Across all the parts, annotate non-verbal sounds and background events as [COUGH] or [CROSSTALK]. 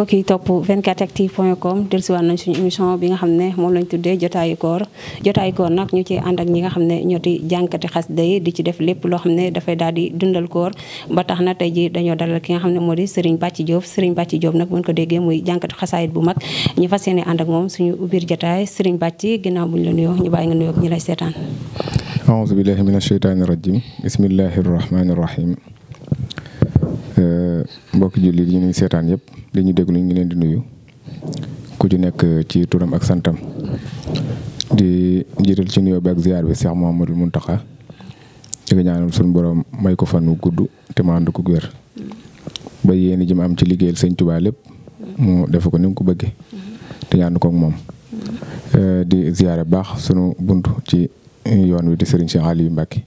mbokk yi topp 24actu point com dellusiwaat nañ nga xam ne moom lañ tuddee jotaayu koor jotaayu koor nag ñu ci ànd ak ñi nga xam ne ñoo di jànkati xasida yi di ci def lépp loo xam ne dafay daal di dundal koor ba tax na tey ji dañoo dalal ki nga xam ne moo di Serigne Bathie Diop Serigne Bathie Diop nag buñ ko déggee muy jànkati xasaayit bu mag ñu fas yéene ànd ak moom suñu biir jotaay Serigne Bathie ginnaaw buñ la nuyoo ñu bàyyi nga nuyoo ñu lay seetaan Euh, mbokki jullit yi ñuy seetaan yëpp li ñu déglu ñu ngi leen di nuyu ku ci nekk ci turam ak santam di njiital ci nuyoo bi ak ziar bi Cheikh Mouhamadou Mountakha di nga ñaanal suñu borom may ko fan wu gudd te ma ànd ko wér ba yéen ji am ci liggéeyal sëñ Tuubaa lépp mu def ko ni mu ko bëggee te ñaan ko ak moom. Euh, di ziare baax sunu bunt ci yoon wi di Serigne Cheikh Aliou Mbacke.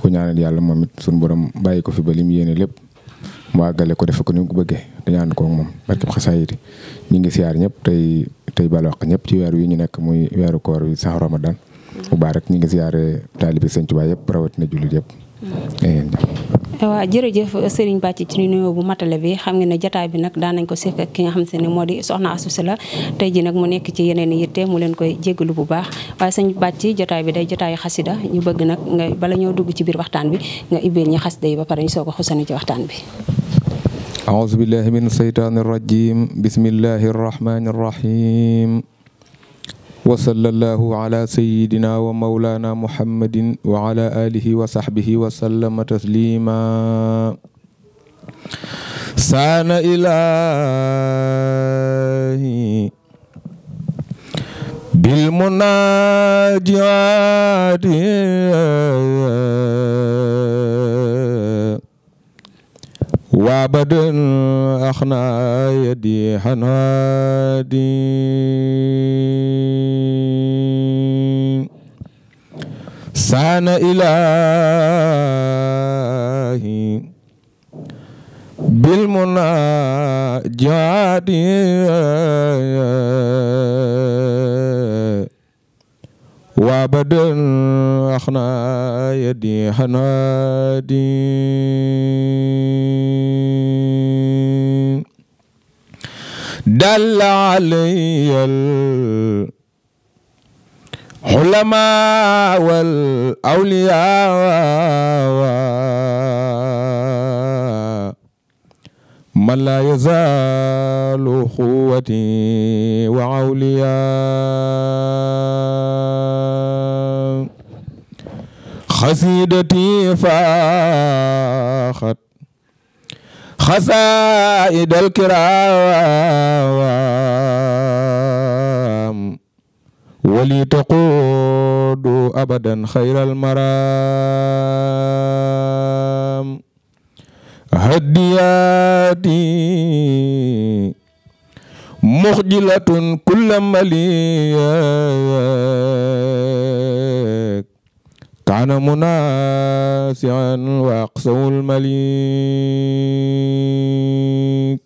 ko ñaanal yàlla moom it sunu borom bàyyi ko fi ba lim yéene lépp mu àggale ko defe ko ni mu ko bëggee ñaan ànd ko ak moom barke xasaayid ñu ngi siyaar ñëpp tey tey balwaq ñëpp ci weer wi ñu nekk muy weeru koor wi sax ramadan u baax rek ñu ngi siyaare taalibi sëñ Tuubaa yëpp rawatina jullit yëpp Eh, waa jërëjëf Serigne Bàcc ci nuyoo bu matale bi xam nga ne jataay bi nag daan nañ ko sekk ki nga xam se ne moo di soxna Astou la tey ji nag mu nekk ci yeneen te mu leen koy jégalu bu baax waaye sëñ ci jataay bi day jataayu xasida ñu bëgg nag nga bala ñoo dugg ci biir waxtaan bi nga ibbeel ñi xasida yi ba pare ñu soog a xusani ci waxtaan bi aouzu billahi min seytaani rajim bismillahi rahmani rahim wa sallallahu ala sayyidina wa mawlana muhammadin wa ala alihi wa sahbihi wa sallama taslima saana ilahi bil munajati wa badan akhna yadi hanadi سبحان إلهي بالمناجات وابدا اخنا يدي حنادي دل علي xulamaa wal awliyaa man laa yazaalu xuwati wa awliyaa xasiidati faaxat xasaa'idal kiraawa wali taquudu abadan xayral maraam haddiyaati muxjilatun kulla maliyak kaana munaasian wa aqsawul malik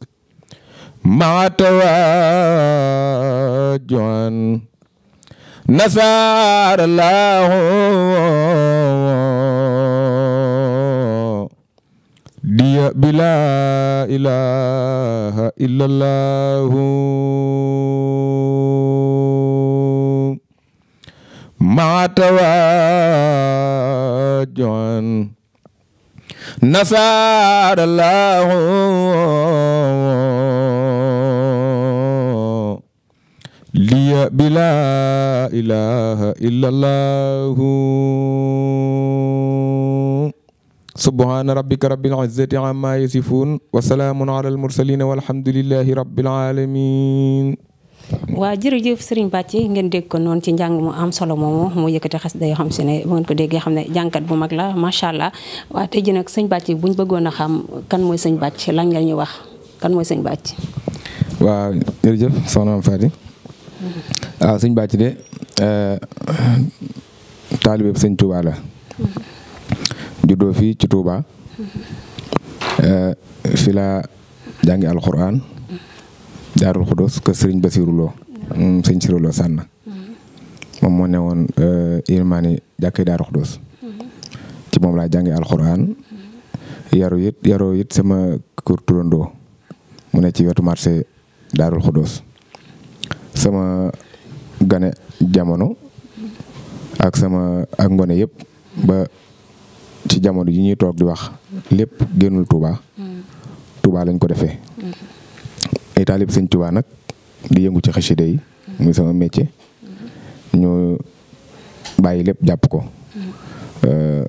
maa نصر الله دي بلا إله إلا الله مع تواجعا نصر الله liya bi laa ilaha illallahu subhaana rabbika rabbil izzati amma yasifun wa salaamun ala al mursalin walhamdulillahi rabbil alamin waa jërëjëf Serigne Bathie ngeen dégg ko noonu ci njàng mu am solo moomu mu yëkkati xasida yoo xam si ne bu ngeen ko déggee xam ne jànkat bu mag la macha allah waa tey ji nag sëñ Bathie buñ bëggoon a xam kan mooy sëñ Bathie lan nga ñu wax kan mooy sëñ Bathie. waa jërëjëf soxna Faty a ah, sëñ bàcc de eh, taalibe bi sëñ Touba la juddoo fii ci Touba eh, fi laa jàngi alxuraan daarul xudos que sëriñ Basiru Lo sëñ Siru Lo sànn moom moo ne woon eh, ilmaani jàkkee daarul xudos ci moom laa jàngi alxuraan yaru it yaroo it sama kur turandoo mu ne ci wetu marché daarul xudos sama gane jamono ak sama ak ngone yëpp ba ci jamono ji ñuy toog di wax lépp génnul Touba mm. Touba lañ ko defee mm-hmm. ay taalib sëñ Touba nag di yëngu ci xasida yi muy sama métier mm-hmm. ñu bàyyi lépp jàpp ko mm-hmm. euh,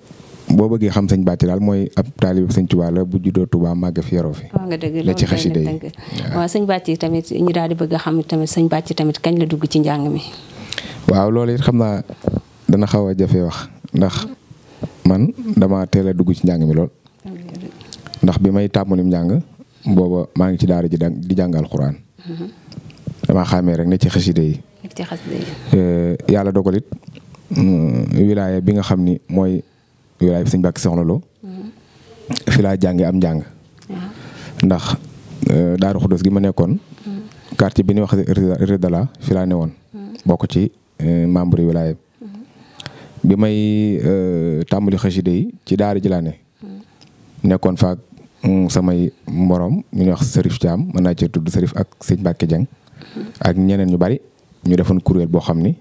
boo bëggee xam sëñ Bathie daal mooy ab taalib sëñ Tuubaa la bu juddoo tubaa màgg fi yaroo fi nga dëgg la ci xasida yi waaw sëñ Bathie tamit ñu daal di bëgg a xam tamit sëñ Bathie kañ la dugg ci njàng waaw loolu xam naa dana xaw a jafe wax ndax man dama teel a dugg ci njàng mi lool ndax bi may tàmmalim njàng booba maa ngi ci daal ji di jàngal xuraan dama xàmmee rek ne ci xasida yi eh, yàlla dogalit mm, wilaaya bi nga xam ni mooy wilaay bi sëñ Mbàkke Soxna Lo fi laa jàngee am njàng ndax euh, Daaru Xuddos gi ma nekkoon mm. quartier bi ñuy wax Ridala fi laa newoon mm. bokk ci euh, membre yi wilaay mm. bi may euh, tàmbali xasida yi ci daara ji laa ne nekkoon faak samay moroom ñu ñuy wax Serif Thiam mën naa cee tudd Serif ak sëñ Mbàkke Jeng ak ñeneen ñu bari ñu defoon kuréel boo xam ni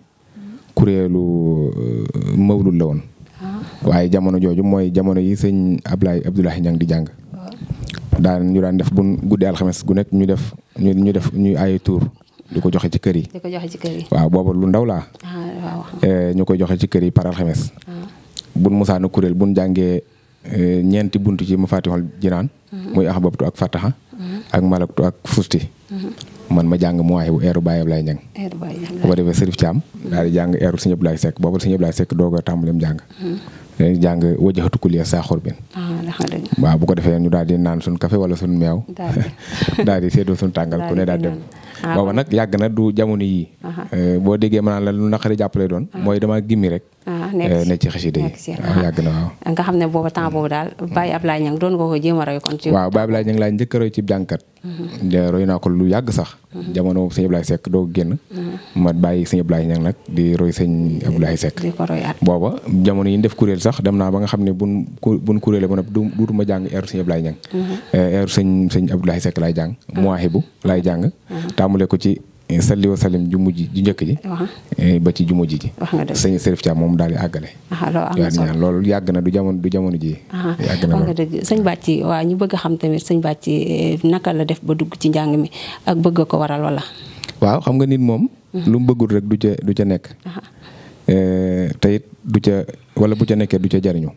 kuréelu mawlul la woon waaye jamono jooju mooy jamono yi sëñ Ablaye Abdoulaye Niang di jàng daan ñu daan def bu guddi alxames gu nekk ñu def ñu ñu def ñu ay tour di ko joxe ci kër yi. di ko joxe ci kër yi. waaw booba lu ndaw laa. Ah, eh, ñu koy joxe ci kër yi par alxames. Ah. bun musaana kuréel bun jàngee eh, ñeenti bunt ci mu fàttixol jinaan mm-hmm. muy axababtu ak fataxa mm-hmm. ak malaktu ak fusti mm-hmm. man ma jàng mu waay bu eeru Baye Ablaye Niang. eeru Baye Niang bu ko defee Serif Thiam. daal di jàng eeru Sëñ Ablaye Seck boobu Sëñ Ablaye Seck doog a tàmbalim jàng. Hmm. dañuy jàng wajjatu kuliya saa xorbin. Ah, waaw bu ko defee ñu daal di naan suñu café wala suñu meew. daal di [LAUGHS] seetlu suñu tàngal ku ne daal dem. Ah, booba nag yàgg na du jamono yii eh, boo déggee ma naan la lu naqari jàppale doon ah. mooy dama gimmi rek ah, eh, nekk ci xasida yi waaw yàgg na waaw nga xam ne booba temps boobu daal mm-hmm. Baye Ablaye Niang doon nga ko a roy kon ci waaw Baye laa njëkk a roy ci jànkat mm-hmm. roy naa ko lu yàgg sax mm-hmm. jamono boobu sëñ Ablaye Seck doo génn ma bàyyi sëñ Ablaye Niang nag di roy sëñ Ablaye Seck booba jamono yi def kuréel sax dem naa ba nga xam ne buñ buñ kuréele ba nag duutuma jàng eeru sëñ Ablaye eh, sëñ sëñ Ablaye Seck laay jàng muwaahibu laay tàmbale ci eh, salli wa salim ju mujj ju njëkk ji eh, ba ci ju mujj ji sëñ Serif Thiam moom daal di àggale ñaan loolu yàgg na du jamono du jamono ji yàgg na wax nga dëgg sëñ Bàcci waaw ñu bëgg a xam tamit sëñ Bàcci eh, naka la def ba dugg ci njàng mi ak bëgg ko waral wala waaw xam nga nit moom lu mu bëggul rek du ca nekk Eh, te du ca wala bu ca nekkee du ca jariñu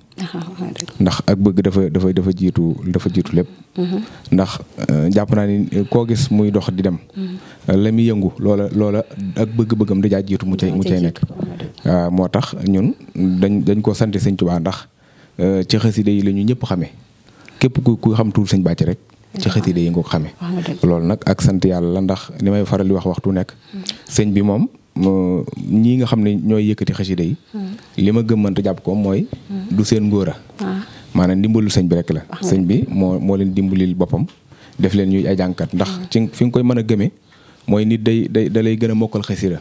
ndax ak bëgg dafa dafa dafa jiitu dafa jiitu lépp mhm. ndax eh, jàpp naa ni eh, koo gis muy dox di dem mhm. la muy yëngu loola loola ak bëgg-bëggam dajaa jiitu mu cay mu cay nekk ah, moo tax ñun dañ dañ ko sant sëñ Tuubaa ndax ci xasida yi la ñu ñëpp xamee képp ku ku xam tuur sëñ bàcc rek ci xasida yi nga ko xamee nag ak sant yàlla la ndax li may faral di wax waxtu nekk mhm. sëñ bi moom ñii nga xam ne ñooy yëkkati xasida yi hmm. li ma gëm mënta jàpp ko mooy hmm. du seen ngóora ah. maanaam ndimbalu sëñ bi rek la ah. sëñ bi moo moo leen dimbalil boppam def leen ñuy ay jànkat ndax hmm. ci fi nga koy mën a gëmee mooy nit day day da lay gën a mokkal xasida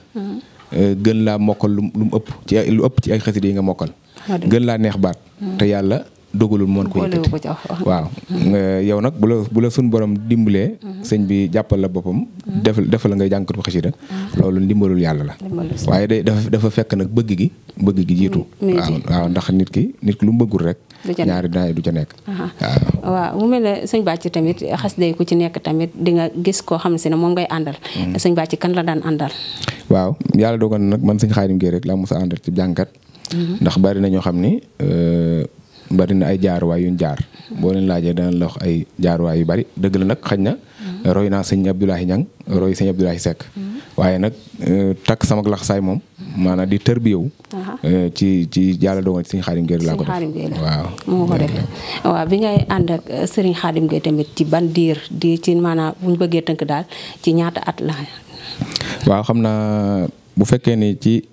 eh, gën laa mokkal lu mu ëpp ci lu ëpp ci ay xasida yi nga mokkal gën laa neex baat te yàlla dogalul moon ko yëkkati waaw yow nag bu la bu la suñ borom dimbalee mhm. sëñ bi jàppal la boppam mhm. defal defal la ngay jànkatu xasida mhm. loolu ndimbalul yàlla la waaye day dafa dafa fekk nag bëgg gi bëgg gi mm, jiitu waaw waaw ndax nit ki nit ki lu mu bëggul rek ñaari daay du ca nekk waaw mu mel ne sëñ bàcc tamit xas day ku ci nekk tamit di nga gis koo xam si ne moom ngay àndal mm. sëñ bàcc kan la daan àndal waaw yàlla dogal nag man sëñ Xaadim Géey rek laa mos a àndal ci jànkat mm-hmm. ndax bari na xam ni euh, bari na ay jaaruwaay yuñ jaar boo leen laajee danañ la wax ay jaaruwaay yu bari dëgg la nag xaj na roy naa sëñ Abdoulahi Ñang roy sëñ Abdoulahi Seck waaye nag euh, takk sama laxsaay moom maanaam di tër bi yow ci ci jàlla dogal ci sëñ Xaadim Géey laa ko def waaw moo ko defee waaw bi ngay ànd ak euh, sëriñ Xaadim Géey tamit ci ban diir di ci maanaam bu ñu bëggee tënk daal ci ñaata at la waaw xam naa bu fekkee ni ci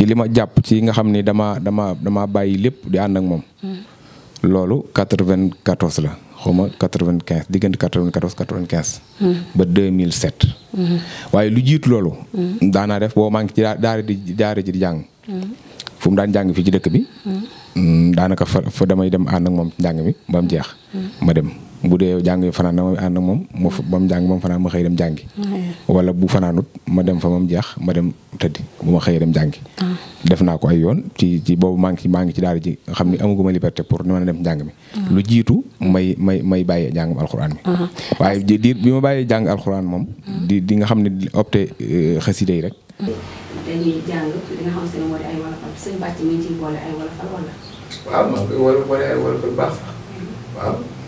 ci li ma jàpp ci nga xam ni dama dama dama bàyyi lépp di ànd ak moom. Hmm. loolu 94 la xaw ma 95 diggante 94 95. Hmm. ba 2007. Hmm. waaye lu jiit loolu. daanaa def boo maa ngi ci daara di daara ji di jàng. fu daan jàng fii ci dëkk bi. daanaka fa fa damay dem ànd ak moom ci njàng mi ba jeex. ma dem. bu dee jàng fanaan dama ànd ak moom mu ba mu jàng ba mu fanaan ma xëy dem jàngi. wala bu fanaanut ma dem fa ma jeex ma dem tëddi bu ma xëyee dem jàngi. Ah. def naa ko ay yoon ci ci boobu maa ngi ci daal ngi ci daara ji nga xam ni mm. amaguma liberté pour ni a dem jàng mi. Ah. lu jiitu may may may bàyyee jàngum alxuraan mi. Ah. waaye diir bi ma bàyyee jàng alxuraan moom. Mm. di di nga xam ne opté euh, xasida yi rek. Mm.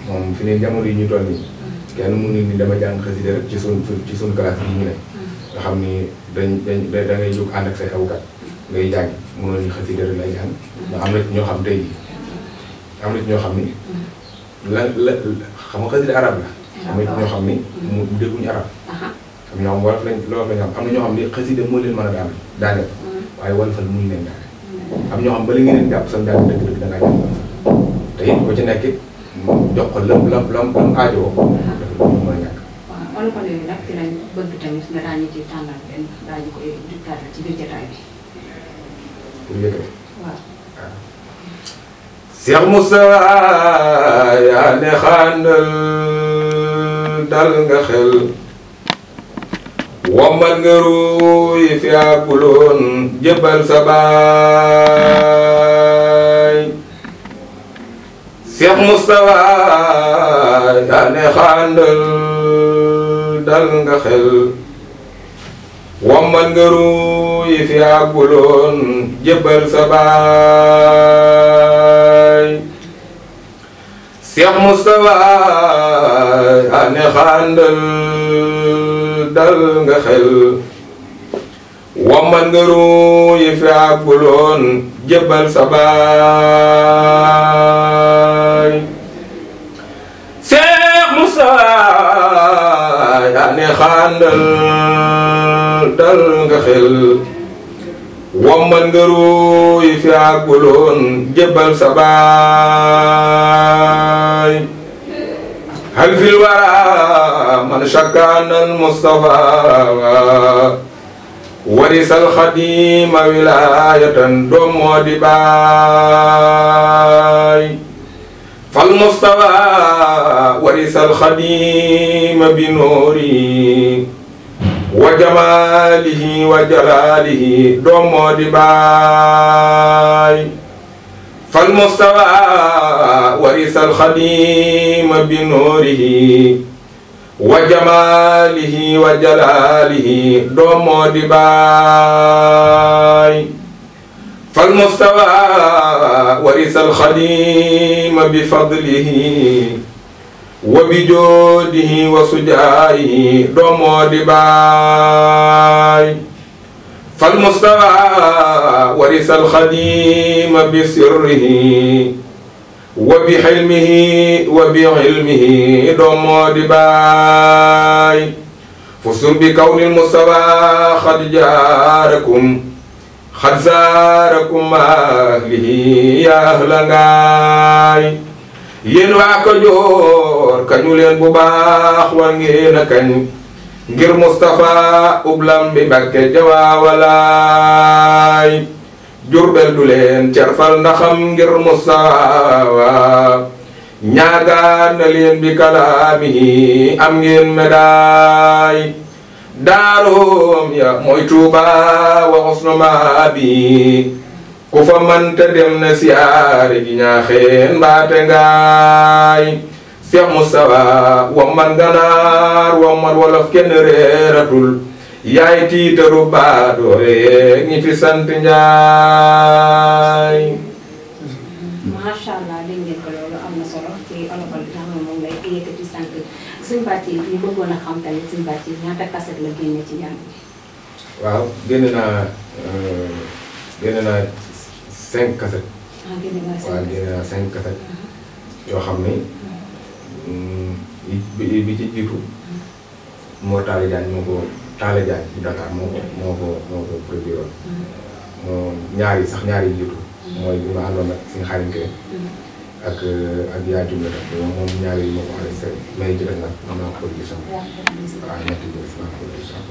moom fi ne jamono yi ñu toll nii mm. kenn mënuñu ni dama jàng xasida rek ci suñ ci suñ classe yi ñu ne mm. nga xam ni dañ dañ da ngay jóg ànd ak say awkat ngay jàng mënoo ñu xasida am ñoo xam tey jii na ñoo xam ni mm. la xam nga xasida arab am ñoo xam ni mu dégguñu arab am ñoo xam wolof lañ loolu lañ xam am na ñoo xam ni xasida moo leen mën a daan daaneel waaye wolofal muy leen daaneel am ñoo xam ba li ngeen leen jàpp sam jàng dëgg-dëgg da ngaa te oo ci nekk mu jox ko lëm lëm lëm lëm aajowoo ko. waaw loolu mooy ñàkk. waaw olofane yooyu nag ci lañ bëgg tamit nga daañu ci tàngal benn daañu ko dikkaat ci biir jotaay bi. pour yëkkati. waaw. Cheikh Moussa yaa ne xaanal dal nga xel. wambat nga ruuy fi àgguloon jëbbal sa baay. Cheikh Moustapha daane xaandal dal nga xel wambat nga ruu fi àgguloon jébbal sa baay Musaa yaa ne xaandal dal nga xel wombat fi àgguloon jébbal sa baay hal fil wara man shakkaanal Mustafaa warisal xadiima wilaayatan doom moo di baay فالمصطفى ورث الخديم بنوري وجماله وجلاله دوم دباي فالمصطفى ورث الخديم بنوره وجماله وجلاله دوم دباي فالمستوى ورث الخديم بفضله وبجوده وسجائه دومو دباي فالمستوى ورث الخديم بسره وبحلمه وبعلمه دومو دباي فسر بكون المستوى قد جاركم xat zaarakum ahlihi ya ahla ngaay yéen waa Kajoor kañu leen bu baax war ngeen a kañ ngir Moustapha ublam bi Mbàkke jawaawalaay Jurbel du leen cerfal ndaxam ngir Moustapha ñaagaan na leen bi kalaamihi am ngeen médaay daaroom ya mooy Tuuba wa xosnu maabi ku fa manta dem na siyaare gi ñaaxeen mbaate ngaay Seex Mustafa wamman ganaar wamman wolof kenn reeratul yaay tiitaru baadoore ñi fi sant njaay masha Allah sëñ Bathie bëggoon a xam tamit sëñ Bathie ñaata kaset la génne ci njàng waaw génne naa euh, génne naa cinq kaset. Ah, uh-huh. yoo xam ne mm, bi bi ci jiitu uh-huh. moo Talla Diagne moo ko Talla Diagne Dakar uh-huh. moo ko moo ko moo ko produiroon. moo ñaar sax ñaar yi jiitu. mooy bi ma àndoon ak suñu xarit ak euh, ak yaa jumla tam moom ñaar yi ma ko arrêté may jëlee nag am naa ko production waaw ñetti bi def naa ko production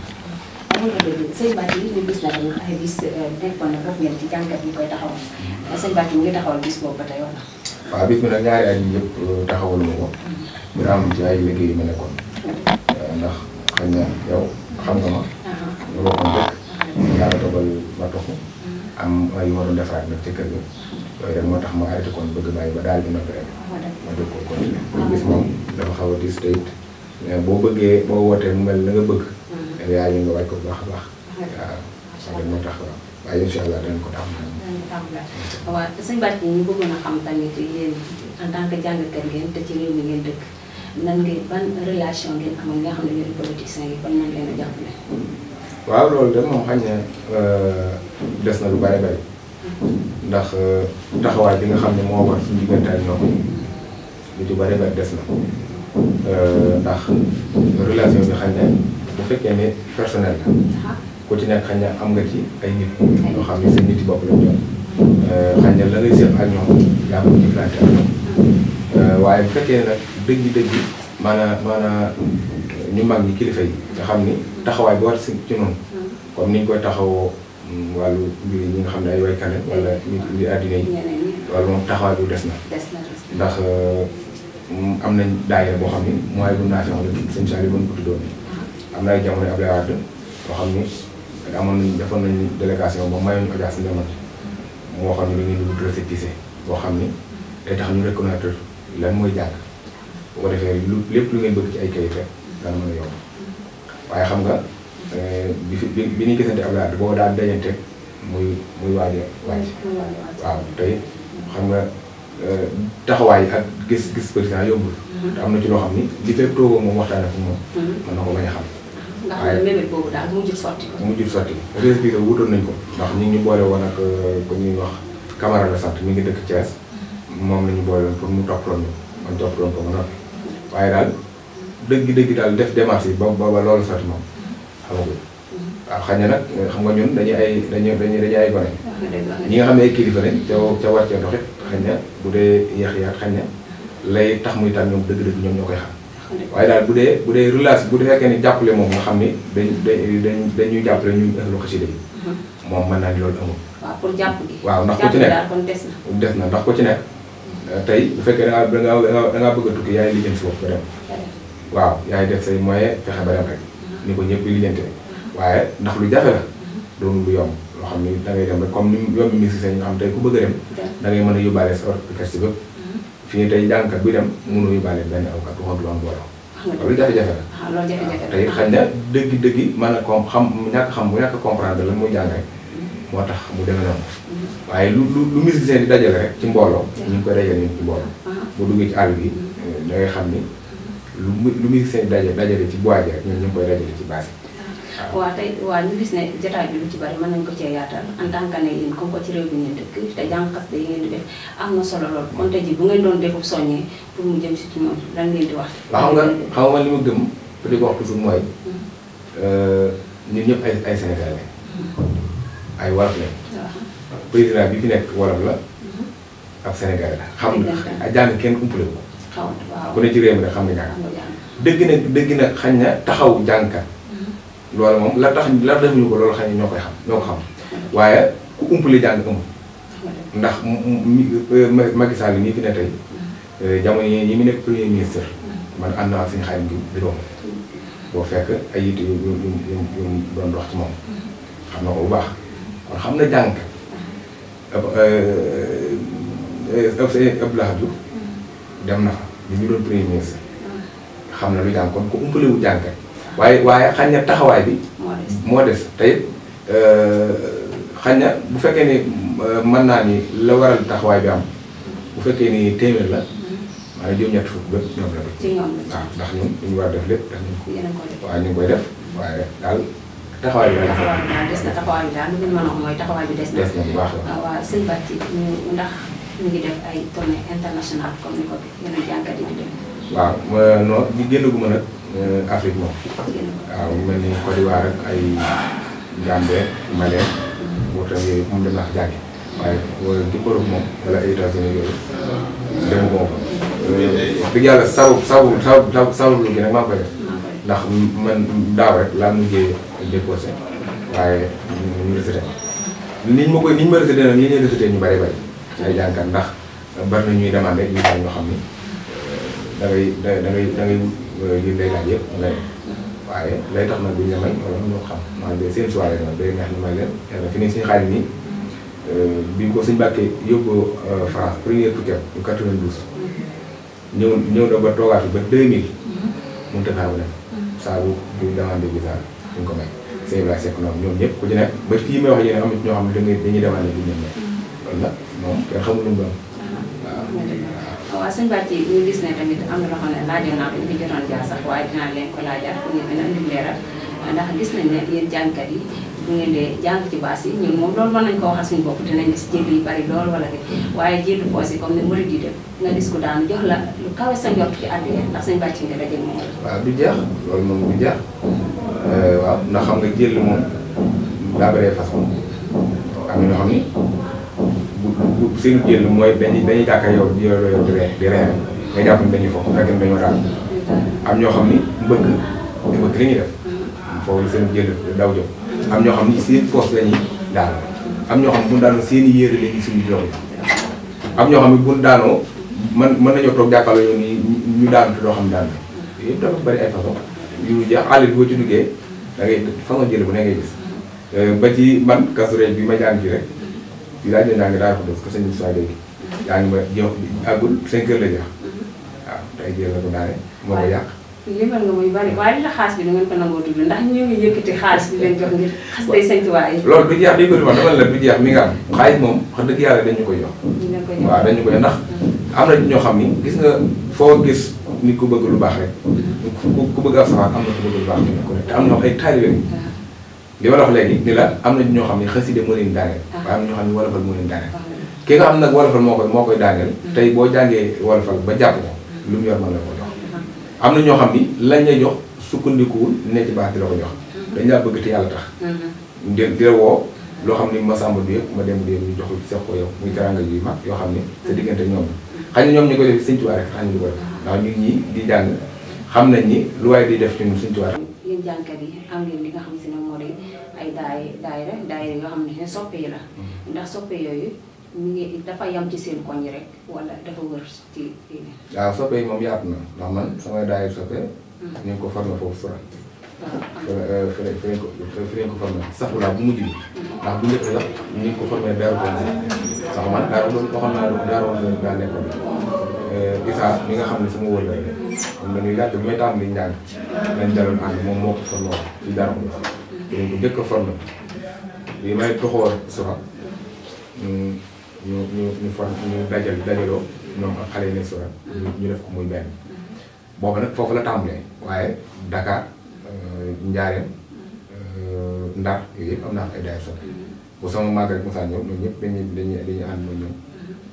amul na dégg sëñ Bàcc yi ñu euh, nekkoon na bokk ngeen ci jàngat yi koy taxawal sëñ Bàcc mu ngi taxawal bis boobu ba tey wax na waaw bis mi nag ñaari at euh, ko mu am ci ay nga ah. ah. toxu am ay waroon defaraat nag ci kër ga yooyu rek moo tax ma arrêté kon bëgg bàyyi ba daal di noppi ma dëg ko continué mais boo bëggee boo wootee mu mel nga bëgg mm-hmm. yaa nga ko bu baax a baax waaw sax moo tax waaw waaye incha allah ko tàmbali waaw sëñ Bathie ñu bëggoon a xam tamit yéen en tant que jàngkat ngeen te ci réew mi ngeen dëkk nan ngeen ban relation ngeen am ak nga xam ne ñoo di politiciens yi ban nan waaw loolu de moom xañ ne euh, des na lu bari bari ndax euh, taxawaay bi nga xam ne moo war suñu diggante ak ñoom lu ci bari bari des na euh, ndax relation bi xañ ne bu fekkee ne personnel la ku ci nekk xañ ne am nga ci ay nit ñoo xam ne seen nit yi bopp lañ doon xañ ne la ngay séq ak ñoom yaa ngi jëflante ak waaye bu fekkee nag dëgg-dëgg maanaam maanaam. ñu mag ñi kilifa yi nga xam ni taxawaay bi war si ci noonu mm-hmm. comme ni ñu koy taxawoo mm, wàllu mbir ñi nga xam ne ay waykat lañ wala ñu àddina yi wala moom taxawaay bi des na ndax mm, am nañ daayira boo xam ni mooy bu naa fi wax la sëñ Saliou mën ko tuddoon mm-hmm. am na ay jamono Abdoulaye Wade boo xam ni amoon nañ defoon nañ délégation moom mayuñu ko jaar si jamono moo xam ne da ngeen di boo xam ni day tax ñu reconnaître lan mooy jàng bu ko defee lu lépp lu ngeen bëgg ci ay kayit dana mën a yomb waaye xam nga eh, bi fi bi bi ñuy gisante ab laaj daal dajante muy muy waaj a wàcc waaw tey xam nga eh, taxawaay ak gis gis président yombul. te mm-hmm. am na ci loo xam ni li fekk toogoo moom waxtaanee ak moom. Mm-hmm. mën na ko bañ a xam. Mm-hmm. ndax nag mébét boobu daal mujjul sotti ko. mujjul sotti nañ ko ndax ñu ñu boole woon ak ku eh, ñuy wax Camara la sant mu ngi dëkk Thiès moom la boole woon pour mu toppaloon ñu man toppaloon ko ma noppi waaye daal. dëgg-dëgg daal def démarche yi ba ba loolu sax moom xamagul waaw mm-hmm. ah, na eh, xam nga ñun dañu ay dañuy dañuy ay gone ñi nga xam ne ay kilifa lañ ca ca war cee doxit xañ na bu dee yeex yaat xañ ne lay tax muy taal ñoom dëgg-dëgg ñoom ñoo koy xam waaye daal bu dee bu dee relance bu dee fekkee ni jàppale moom nga xam ni dañ dañ dañuy jàppale ñu ëllu xasida yi mm-hmm. moom mën naa ni loolu amul waaw ndax ku ci nekk des na ndax ko ci nekk tey bu fekkee da ngaa da ngaa bëgg a tukki yaay lijjanti si bopp dem waaw yaay def say moyen fexe ba dem rek ni ko ñëpp lijjante waaye ndax lu jafe la doon lu yomb loo xam ni da ngay dem rek comme ni yombi misi seen ñu xam tey ku bëgg da ngay mën a yóbbaale sa orchestre bépp fi ñu tey jàngkat bi dem mënoo yóbbaale benn awkat waxatu woon booloo loolu jafe-jafe la te it xëy a xam ñàkk xam bu ñàkk comprendre la muy jàng rek moo tax mu demee noonu waaye lu lu lu musicien di dajale rek ci mbooloo ñu ngi koy dajale ci mbooloo ah. bu ci àll bi mm-hmm. da xam ni lu muy lu muy seen daje dajale ci bois bi rek ñoom ñu ngi koy dajale ci base bi. waaw tey waaw ñu gis ne bi lu ci bari mën nañu ko cee yaatal en tant ne yéen comme que ci réew bi ngeen dëkk te jàng xas day ngeen di am na solo lool kon tey bu ngeen doon defu soññee pour mu jëm si ci moom lan ngeen di wax. waaw xam nga xam nga li ma gëm li ko wax toujours mooy hmm. euh, ñun ñëpp ay ay hmm. ay wolof lañ. président bi fi nekk wolof la. Hmm. ak Sénégalais la xam nga jàng kenn umpale ko. ku ne dëgg nag dëgg nag xañ na taxaw jànkat mm-hmm. loolu moom la tax la defuñu ko loolu xañ na ñoo koy xam ñoo ko xam waaye ku umpale jàng amul ndax Macky Sall nii fi mm-hmm. eh, yi ñi mu nekk premier ministre mm-hmm. man ànd naa ay yitte yu yu moom xam na ko bu baax kon xam na jàng eh, eh, Abdoulaye Diouf dem na fa li ñu doon premier ministre xam na lu jàng kon ku umpaliwu jàng waaye waaye xañ na taxawaay bi moo des tey euh, xañ na bu fekkee ni euh, mën naa ni la waral taxawaay bi am bu fekkee ni téeméer la mm-hmm. maanaam juróom-ñett fukk bépp ñoom la doon waaw ñun li ñu war a def lépp ndax ñu ko waaw ñu ngi koy def mm-hmm. waaye taxawaay bi des na taxawaay bi daal lu ngeen mën a mooy taxawaay bi des na des na bu baax la ah, waaw sëñ Bathie ñu ndax ñu ngi def ay tournée internationale comme ni ko yeneen jànkat waaw ma non ñu génn gu ma nag euh, Afrique moom. waaw mu mel ni Côte d'Ivoire ak ay Gambie Mali woote yooyu moom dem naa ko jàngi waaye di Europe moom wax euh, dëgg yàlla sababu sababu sababu sababu lu gi nag maa ko def ndax man daaw rek laa mujjee déposé waaye ñu rejeté niñ ma koy niñ ma rejeté nag ñi ñuy rejeté bari bari ay jànkat ndax bari na ñuy demandé ñu daal xam ni da ngay da ngay da ngay lii lay laaj yëpp ngay waaye lay tax nag duñ la may wala ñoo xam maanaam day seen soirée la day neex ñu may leen yàlla fi ne suñu xaalis nii euh, biñ ko suñ bàkkee yóbbu euh, France première tukkeem ñu 92 ñëw ñëw na ba toogaatu ba 2000 mënut a faaw dem saabu buñ demandé visa duñ ko may. seen la seq noonu ñoom ñëpp ku ci nekk ba fii may wax yéen am na ñoo xam ne dañuy dañuy demandé bu ñu demee loolu nag moom kenn xamul lu mu doon ah, waaw. waaw sëñ Bathie ñu gis ne tamit am na loo xam ne laajoon naa waaye dinaa leen ko laajaat pour ñu gën a indi leeral ndax gis nañ ne yéen jàngkat yi bu ngeen dee jàng ci baas yi ñun moom loolu mën bari lool wala de waaye jéego poos yi comme ni murid yi daan jox la lu kawe sa njort ci àdduna ndax sëñ Bathie moom la. waaw du jeex loolu moom du jeex euh, waaw bu seen génn mooy benn dañuy tàkka yow di yow di reer di reer nga jàpp ni dañuy foofu am ñoo xam ni mbëgg mbëgg la ñuy def foofu seen génn daw jóg am ñoo xam ni seen force la ñuy am ñoo xam bu daanoo seen i yére la ñuy suñu jox am ñoo xam ne bu daanoo man mën nañoo toog jàkkaarloo yow nii ñu daan te doo xam daan yëpp dafa bëri ay façon yu jeex àll bi boo duggee da ngay façon jël bu ne ngay gis euh, ba ci man kasuré bi ma laaj la naa ngi daal ko def ko sëñ bi saa léegi mhm. yaa ngi ma jox àggul cinq heures la jox mhm. waaw tey jël la ko daane moo ko yàq limal nga muy bari waaye li la xaalis bi da ngeen ko nangoo tudd ndax ñu ngi yëkkati xaalis bi leen jox ngir xas day sañ tuwaay loolu du jeex day ko wax dama la du jeex mi nga am mhm. xaalis moom wax dëgg yàlla dañu koy jox waaw dañu koy ndax am na ñoo xam ni gis nga foo gis nit ku bëgg lu baax rek ku bëgg a safaan am na ku bëgg lu baax ñu ko te am na ay taalibe li wolof léegi ni la am na ñoo xam ne xësi moo leen daaneel ah. waaye am ñoo xam ne wolofal moo leen daaneel ah, ki nga xam nag wolofal moo koy moo koy mm. tey boo jàngee wolofal ba jàpp lu mu yor mën mm-hmm. am na ñoo xam ni lañ la jox sukkandikuwul ne ci baax di la ko jox mm-hmm. dañ laa bëgg te yàlla tax mm-hmm. di di woo loo xam ni ma sàmba du yëpp ma dem du yëpp ñu jox sex ko yow muy garanga yu mag yoo xam ne sa diggante ñoom xëy na ñoom ñu koy def sëñ Tuubaa rek xëy na ñu koy def ndax ñun ñii di jàng xam na ni lu waaye di def ci ñun sëñ yéen yi am ngeen li nga xam si ne moo di ay daay daayira daayira yoo xam ne soppe yi la mm-hmm. ndax soppe yooyu mu dafa yam ci seen koñ rek wala dafa wër ci waaw ah, soppe yi moom yaatu na ndax man samay daayira soppe mm-hmm. ñu ko formé foofu sura fële fële ko fële ko formé sax laa bu mujj bi mm-hmm. ndax bu njëkk sax ñu ngi ko formé daaru kon sax man daaru waxoon naa daaru woon Eh, Issa mi nga xam ne sama wóor la am bi may moom moo ko formé ko dañ ko njëkk a formé bi may toxoo suba ñu ñu ñu ñu ñu dajal dajaloo ñoom ak xale yi ne suba ñu def ko muy benn boobu nag foofu la tàmbalee waaye Dakar eh, Njaareem eh, Ndar yooyu yëpp am naa ay daay sot bu sama màggal rek mosaan ñëw ñun ñëpp dañuy dañuy dañuy ànd ma ñëw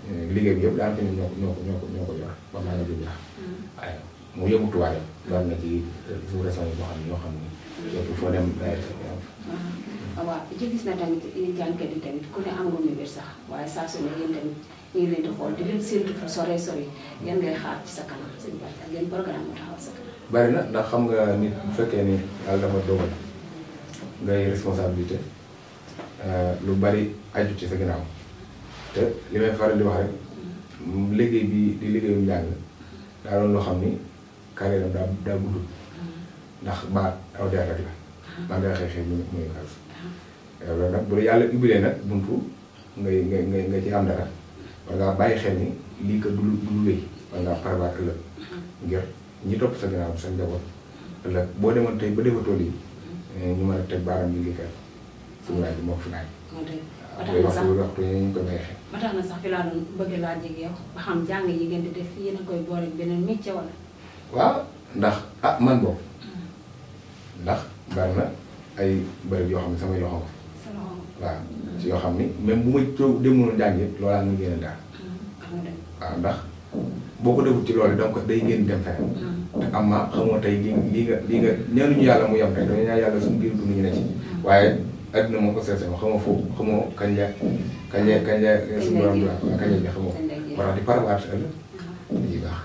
liggéey bi yëpp daanaka ñun ñoo ko ñoo ko ñoo ko ñoo ko yor ba maa ngi leen di ñaax. Mm-hmm. waaye mu yëngu tuwaayam. doon na ci sous-région yi boo xam ne ñoo xam ne. surtout foo dem nawet bi ñoom. waaw ci gis na tamit yéen jànkat yi tamit ku ne am nga mbir sax waaye saa su ne yéen tamit ñu ngi leen di xool di leen séntu fa sore sore yan ngay xaar ci sa kanam seen bàtt ak yan programme mu taxawal sa kanam. bari na ndax xam nga nit bu fekkee ni yàlla dafa dogal ngay responsabilité euh, lu bari aju ci sa ginnaaw. te li may faral di wax rek liggéey bi di liggéeyum njàng daa doon loo xam ni carrière am daa daa ndax baat aw rek la man ngay xëy mu muy xas eh, loolu nag bu la yàlla ubbilee nag buntu ngay ngay ngay nga ci am dara war ngaa bàyyi xel ni lii ko du du wéy war ngaa prévoir ëllëg ngir ñi topp sa ginnaaw sa njaboot ëllëg boo demoon tey ba defatoo lii eh, ñu mën a teg baaram yi lii kat suñu laaj bi moo ko fi laaj. waaw tey waxtu waxtu ñu ko bàyyi xel ba tax na sax fi laa doon bëgg ba xam jàng yi ngeen di def yéen a koy boole beneen métier wala. waaw ndax ah man boobu. Hmm. ndax bari ay bërëb yoo xam ne sa loxo yoo xam ni même bu ma coow demuloon jàng it loolaa nga génn daal. waaw ndax boo ko defut ci loolu donc day génn dem feneen. Hmm. te am na xamoo tey lii lii nga lii nga ñaanuñu yàlla mu yam rek dañu ñaan yàlla suñu biir bu ñu ne ci hmm. waaye. àdduna moo ko seet sama xamoo foofu xamoo kañ la kañ la kañ la suñu borom la kañ la xamoo war a di parawaat ëllëg di baax.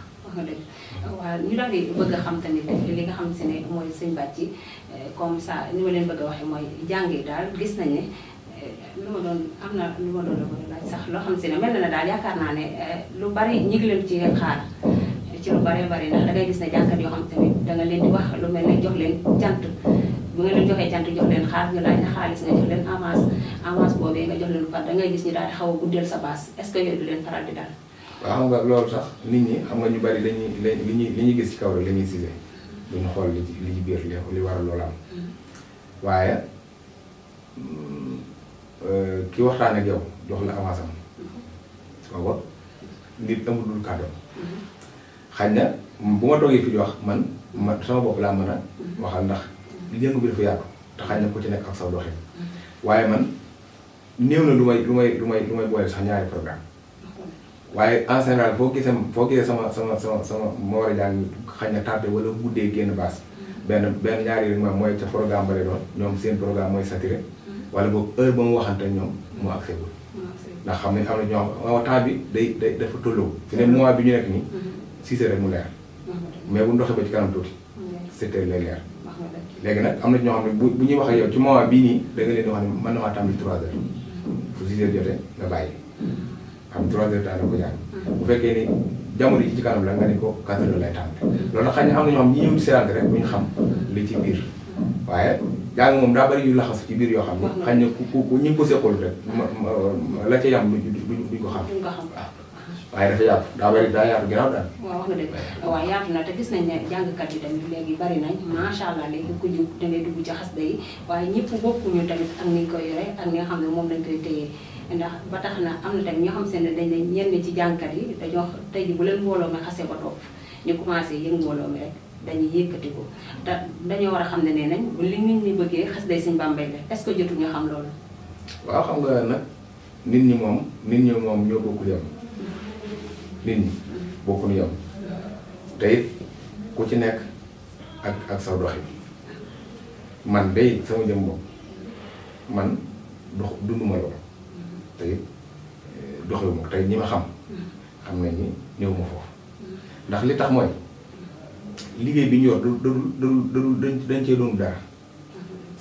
waaw ñu daal di bëgg a xam tamit li nga xam si ne mooy sëñ Bathie eh, comme ça ni ma leen bëgg a waxee mooy jàngi daal gis nañ ne eh, lu ma doon am na lu ma doon laaj sax loo xam si ne mel na daal yaakaar naa ne eh, lu bari ñu ngi leen ci xaar. ci lu bari bari ndax dangay gis ne jànkat yoo xam tamit danga leen di wax lu mel ne jox leen cant. bu ngeen joxee jant jox leen xaalis nga jox leen avance avance boobee nga jox leen par da ngay gis ñu daal di xaw guddeel sa baas est yooyu leen faral di daal xam nga ñu bari lañuy ñuy gis ci kaw rek la ñuy sise duñu xool li mm-hmm. waaye mm, euh, ki waxtaan ak yow jox la avance am kooku mm-hmm. nit amul dul kàddu mm-hmm. xañ na bu ma toogee fi di wax man man sama bopp laa mën a waxal ndax yëngu bi dafa yàqu te xañ na ko ci nekk ak saw doxin mm-hmm. waaye man néew na lu may lu may lu may lu may boole sax ñaari programme waaye en général foo gisee foo gisee sama sama sama sama ma war a jàng xañ na tardé wala guddee génn baas mm-hmm. benn benn ñaari yi moom mooy ca programme ba lay doon ñoom seen programme mooy saturé mm-hmm. wala boobu heure ba mu waxante ñoom mu accès bu ndax xam ne am na ñoo xam temps bi day day dafa tolloo fi ne mois bi ñu nekk nii six mu leer mais bu ndoxee ba leer léegi na am na ñoo xam bu bu ñuy wax ak yow ci moment bii nii da nga leen di wax ne mën na maa tàmbali 3 heures fu 6 heures jotee nga bàyyi xam 3 heures ko jaar bu fekkee ni jamono yi ci kanam la nga ne ko 4 heures lay tàmbali loolu nag am na ñoo xam ñi ñëw di seetaan bu ñu xam li ci biir waaye jàng moom daa bëri yu ci biir yoo xam ne xëy ku ku ñu ko sequl rek la ca yam duñ ko xam waaye dafa yaatu daa mel daa yaatu ginnaaw waaw wax nga dëgg waaw yaatu na te gis nañ ne jàngkat yi tamit léegi bari nañ macha allah léegi ku jóg da ngay dugg ci xasida yi waaye ñëpp bokkuñu tamit ak ni ñu koy yore ak ni nga xam ne moom lañ koy téye ndax ba tax na am na tamit ñoo xam seen ne dañ ne ñenn ci jàngkat yi dañoo tey ji bu leen mbooloo mi xasee ba topp ñu commencé yëg mbooloo mi rek ko te dañoo war a xam ne nee nañ li nit ñi bëggee xasida yi Sëñ Bàmba la est-ce que jotu ñu xam loolu. waaw xam nga nag nit ñi moom nit ñi moom ñoo bokku yam nit ñi bokkuñu yoon te it ku ci nekk ak ak saw doxin man day sama jëm bopp man dox dunduma loolu te it eh, doxewuma ko tey ñi ma xam xam nañ ni ñëw ma foofu ndax li tax mooy liggéey bi ñu yor du du du du dañ cee doon dara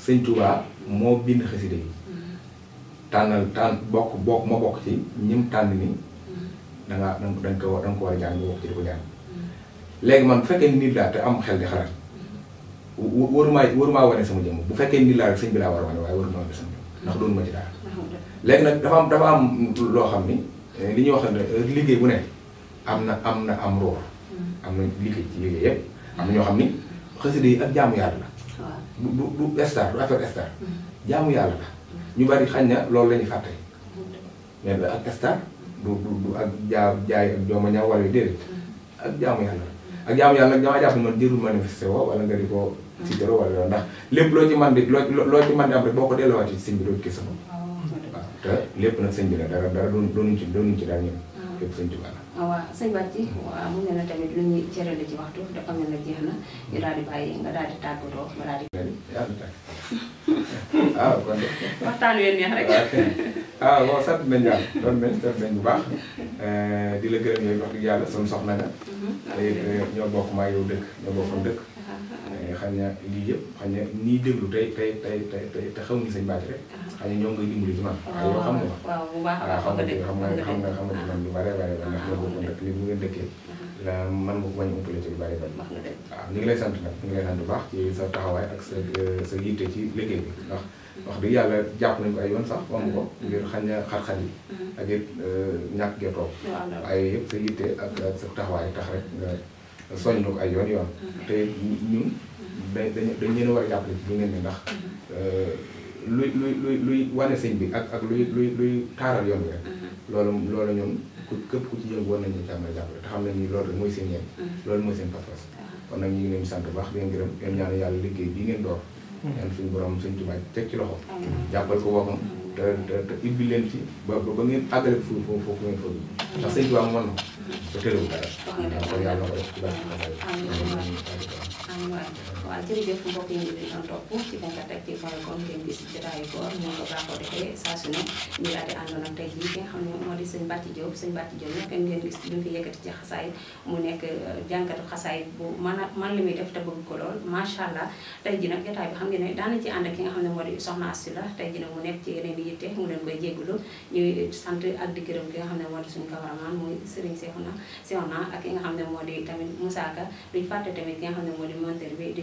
sëñ Touba moo bind xasida yi tànnal tànn bokk bokk ma bokk ci ñim tànn ni da ngaa da nga ko da war a jàng nga wax ci di ko jàng mm-hmm. léegi man bu fekkee nit laa te am xel di xalaat mm-hmm. warumaa warumaa wane sama jëmm bu fekkee nit laa rek sëñ bi laa war a wane waaye warumaa wane sama jëmm mm-hmm. ndax doonu ma ci dara léegi nag dafa am dafa am loo xam ni eh, li ñuy wax ne eh, liggéey bu ne am na am na am roor am na liggéey ci liggéey yëpp am na ñoo xam ni xasida yi ak jaamu yàlla la du du du star du affaire star jaamu yàlla la ñu bari xañ na loolu la ñu fàtte mais du du du ak jaa jaay ak jooma ñaaw wala déedéet ak jaamu yàlla ak jaamu yàlla nag dama jàpp man jërul manifesté woo wala nga di ko si doro wala yoon ndax lépp loo ci man di loo loo ci man di am rek boo ko delluwaatee ci sëñ bi doo kii sama ah, waaw te lépp nag sëñ bi la dara dara doonuñ ci doonuñ ci daal ñun ah. lépp sëñ Tuubaa la ah, waaw sëñ Bathie waaw mu ne la tamit lu ñuy cërale ci waxtu dafa mel ne jeex na ñu daal di bàyyi nga daal di tàggatoo nga daal di [LAUGHS] waaw kon waxtaan wee ah, nañ daal doon nañ def nañ bu baax. Eh, di la gërëm yooyu wax yàlla suñu soxna nga. Mhm. te eh, ñoo bokk maa yow dëkk ñoo bokkoon dëkk. Uh-huh. Eh, xam na lii xam na ñiy déglu tey tey tey tey te xamuñu sañ baat rek uh-huh. xam na a oh, xam nga ah, xam nga xam nga xam nga man lu bare bare bare ndax ñoo bokkoon dëkk nit uh-huh. ah, bu ñu ngi lay sant bu baax ci sa taxawaay ak sa sa yitte ci léegi bi ndax wax dëgg yàlla jàpp nañ ko ay yoon sax wam ko mm-hmm. Mm-hmm. ngir xañ a xar-xar yi mm-hmm. ak it euh, ñàkk gee toog waaye yëpp sa yitte ak ak sa taxawaay tax rek nga soñ na ko ay yoon yoon te ñun dañ dañ leen war a jàppale ci li ngeen ne ndax euh, luy luy luy luy wane sëñ bi ak ak luy luy luy taaral yoon bi rek loolu loolu ñun ku képp ku ci yëngu war nañu càmm jàppale te xam nañ ni loolu rek mooy seen yéen loolu mooy seen pas-pas ah. kon nag ñu ngi leen sant bu baax di leen gërëm ngeen ñaan yàlla liggéey bii ngeen door yàlla suñu borom suñ tubaab teg ci loxo. jàppal ko boppam. te te te ubbi leen ba ba ngeen àggale fu fu fu ngeen foog ndax sëñ tubaab mën na ko te tëlewu dara. waaw kon yàlla na ko def ci bàtt bi. waaw jërëjëf mbokk yi ñu doon topp ci 24actu.com ngeen gis jotaayu koor ñu ko baaxoo saa su ne ñu daal di àndoon ak tey nga xam ne moo di sëñ Bathie Diop euh, man man li muy def te bëgg ko lool macha allah tey ji nag xam ki nga xam ne moo di soxna Astou la tey ji nag i yitte mu leen koy jégalu ñuy ki nga xam ne moo di suñu cameraman muy Serigne Cheikhouna ki nga xam ne moo di tamit Moussa Ka duñ tamit ki nga xam ne moo di monteur bi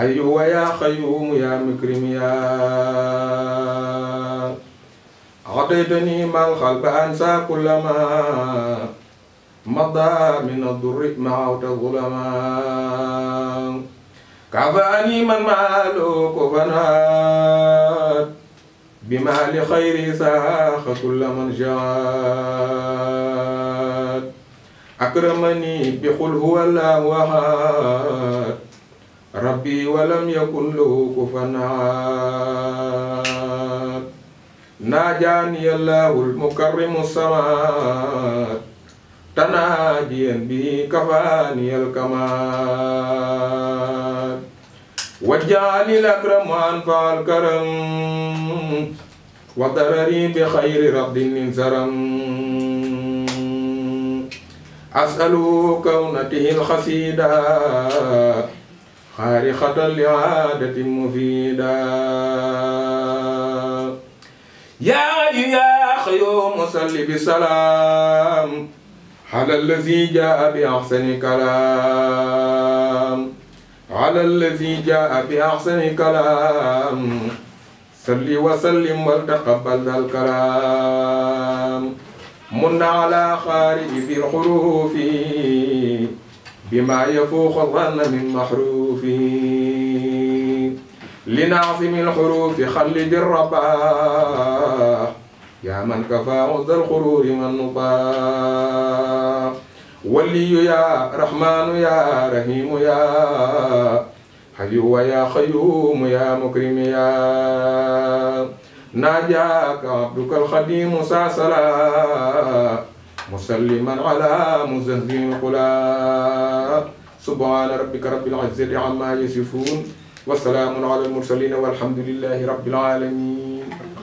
حي ويا قيوم يا مكرم يا أعطيتني ما الخلق أنسى كل ما مضى من الضر معوت الظلما كفاني من ماله كفنات بما لخير ساخ كل من جاء أكرمني بقل هو الله وهاد rabbi walam yakun lahu kufan ahad najaani allahu almukarrimu samad tanaajiyan bi kafaani alkamaad wajjaali lakramu anfa alkaram wa darari bi xayri rabdin insaram asalu kawnatihi alxasida خارقة الإعادة مفيدة يا يا خيوم صل بسلام على الذي جاء بأحسن كلام على الذي جاء بأحسن كلام صل وسلم وتقبل ذا الكلام من على خارج في الحروف بما يفوق الظن من محروف لناظم الحروف خلد الرباح يا من كفاه ذا الخرور من نباح ولي يا رحمن يا رحيم يا حي ويا خيوم يا مكرم يا ناجاك عبدك الخديم ساسلا مسلما على مزهر القلاب سبحان ربك رب العزة عما يصفون وسلام على المرسلين والحمد لله رب العالمين